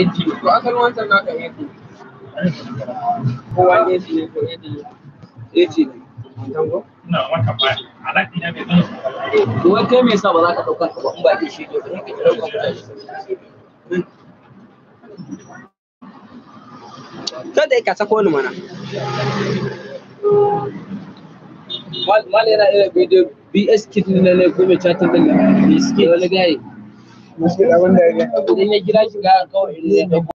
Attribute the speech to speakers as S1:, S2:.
S1: Eti, to asalin wancan naka
S2: Ko wani eti ne ko eti ne. ne. Tango? Na, wata ba. na To wai kai me yasa ba za ka ɗauka ka ba in ba ke shi ne ba ka ɗauka
S3: ka Kada ka
S4: mana.
S5: Mal yana irin
S6: bidiyo
S7: BS kit ne ne ko chatin din ne. BS kit wani gaye. Abin ya kira shiga kawai in zai ɗauko.